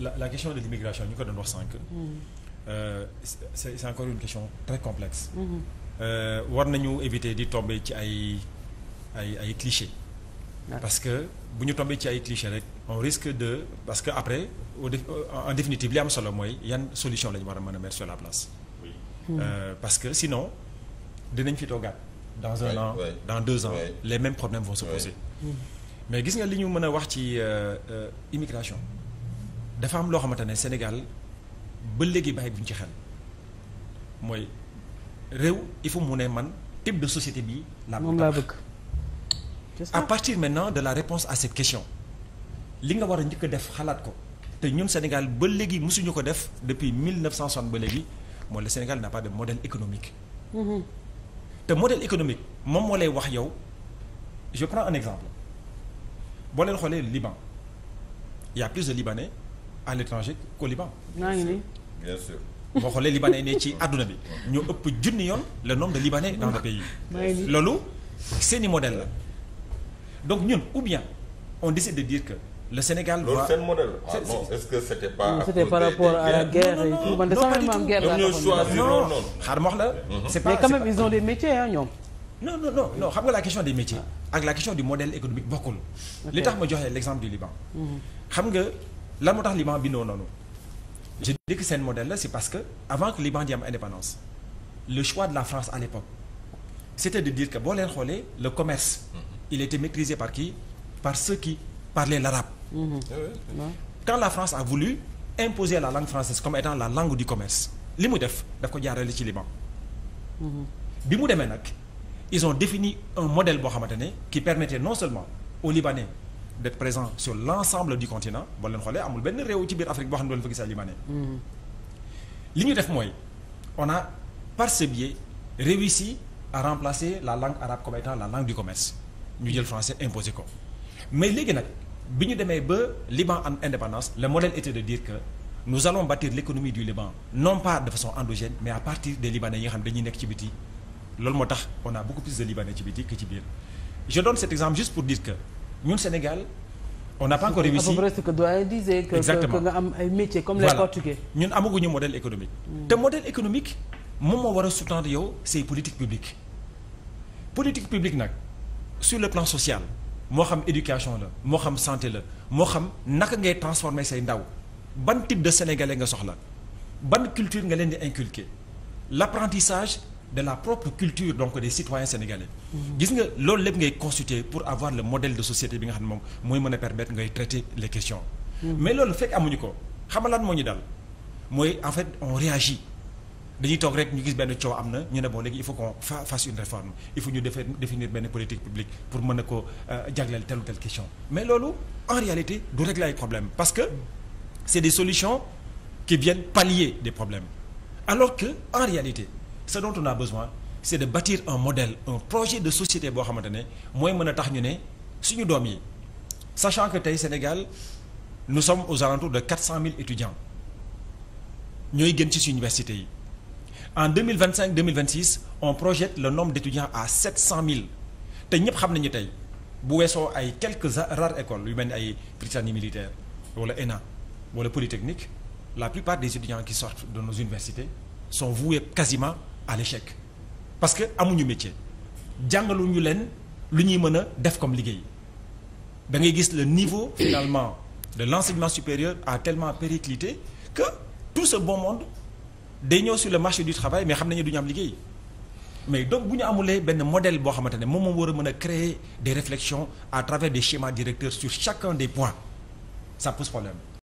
la la question de l'immigration ñu ko doon wax sànq. Mm-hmm. Euh, c'est c'est encore une question très complexe. Mm-hmm. Euh, war nañu éviter di tomber ci ay ay ay clichés. parce que bu ñu tombee ci ay clichés rek on risque de parce que après au en définitive li am solo mooy yan solution la ñu war a mën a mettre sur la place. oui mm-hmm. euh, parce que sinon dinañ fi toogaat. dans un oui, an dans deux ans. Oui. les mêmes problèmes vont se poser. mais gis nga li ñu mën a wax ci immigration. dafa am loo xamante ne Sénégal ba léegi bàyyi ñu ci xel mooy réew il faut mu ne man type de société bi laa moom laa bëgg à partir maintenant de la réponse à cette question li nga war a njëkk def xalaat ko te ñun Sénégal ba léegi mosuñu ko def depuis 1960 ba léegi mooy le Sénégal n'a pas de modèle économique mm-hmm. te modèle économique moom moo lay wax yow je prends un exemple boo leen xoolee Liban il plus de Libanais à l'étranger qu'au Liban. maa ngi nii bien ne ci àdduna bi ñoo ëpp junni yoon le nombre de libanais dans le pays. loolu seeni modèle la donc ñun ou bien on décide de dire que le Sénégal. doit seen modèle. ah non est-ce que c'était pas. non c'était par rapport à la guerre et tout man de ma wax la. Mhm. c'est pas mais quand même ils ont des métiers ah la question du modèle économique bokkul. li tax ma joxe l'exemple du Liban. Mhm. xam nga. la moo tax Liban bindoo noonu je dis que seen modèle la c'est parce que avant que Liban di am indépendance le choix de la France à l'époque c'était de dire que boo leen xoolee le commerce mhm. il était maîtrisé par qui par ceux qui parlaient l'arabe mmh. quand la France a voulu imposer la langue française comme étant la langue du commerce li mu def daf ko jaarale ci Liban mhm. bi mu demee nag ils ont défini un modèle boo xamante ne qui permettait non seulement au Libanais de présent sur l'ensemble du continent boo leen xoolee amul benn réew ci biir Afrique boo xam ne doon fa gis libanais mm-hmm. li ñu def mooy on a par ce biais réussi à remplacer la langue arabe comme étant la langue du commerce ñu jël français imposé ko mais léegi nag bi ñu demee ba Liban am indépendance le modèle était de dire que nous allons bâtir l'économie du Liban non pas de façon endogène mais à partir des Libanais yi nga xam dañuy nekk ci biti loolu moo tax on a beaucoup ñun Sénégal on n'a pas encore réussi à peu près am ay métiers comme les portugais ñun amaguñu modèle économique hmm. te modèle économique moom moo war a sous-tendre yow c'est politique publique politique publique nag sur le plan social moo xam éducation la moo xam santé la moo xam naka ngay transformer say ndaw ban type de sénégalais nga soxla ban culture nga leen di inculquer l'apprentissage de la propre culture donc des citoyens sénégalais. gis nga loolu lépp ngay constituer pour avoir le modèle de société bi nga xam ne moom mooy mën a permettre ngay traiter les questions. Mm. mais loolu fekk amuñu ko xamalaan moo ñu dal mooy en fait on réagit dañuy toog rek ñu gis benn coow am na ñu ne boo léegi il faut qu'on fasse une réforme il faut ñu defee définir benn politique publique pour mën a ko euh, jagleel telle ou telle question mais loolu en réalité du ay problème parce que c'est des solutions qui viennent pallier des problèmes alors que ce dont on besoin c' de bâtir un modèle un projet de société boo xamante ne mooy mën a tax ñu ne suñu doom yi sachant que tey Sénégal nous sommes aux alentours de quatre cent mille étudiants ñooy gën ci suñu université yi en deux mille vingt cinq deux mille vingt six on le nombre d' étudiants à sept cent mille te ñëpp xam nañu tey bu weesoo ay quelques rares écoles yu mel ni ay Prytanée militaire wala ENA wala Polytechnique la plupart des étudiants qui sortent de nos universités sont voués quasiment à l'échec parce que amuñu métier jàngaluñu leen lu ñuy mën a def comme liggéey da ngay gis le niveau finalement de l'enseignement supérieur a tellement périclité que tout ce bon monde day ñëw sur le marché du travail mais xam nañu duñu am liggéey mais donc bu ñu amulee benn modèle boo xamante ne moom moom war a mën a créer des réflexions à travers des schémas directeurs sur chacun des points ça pose problème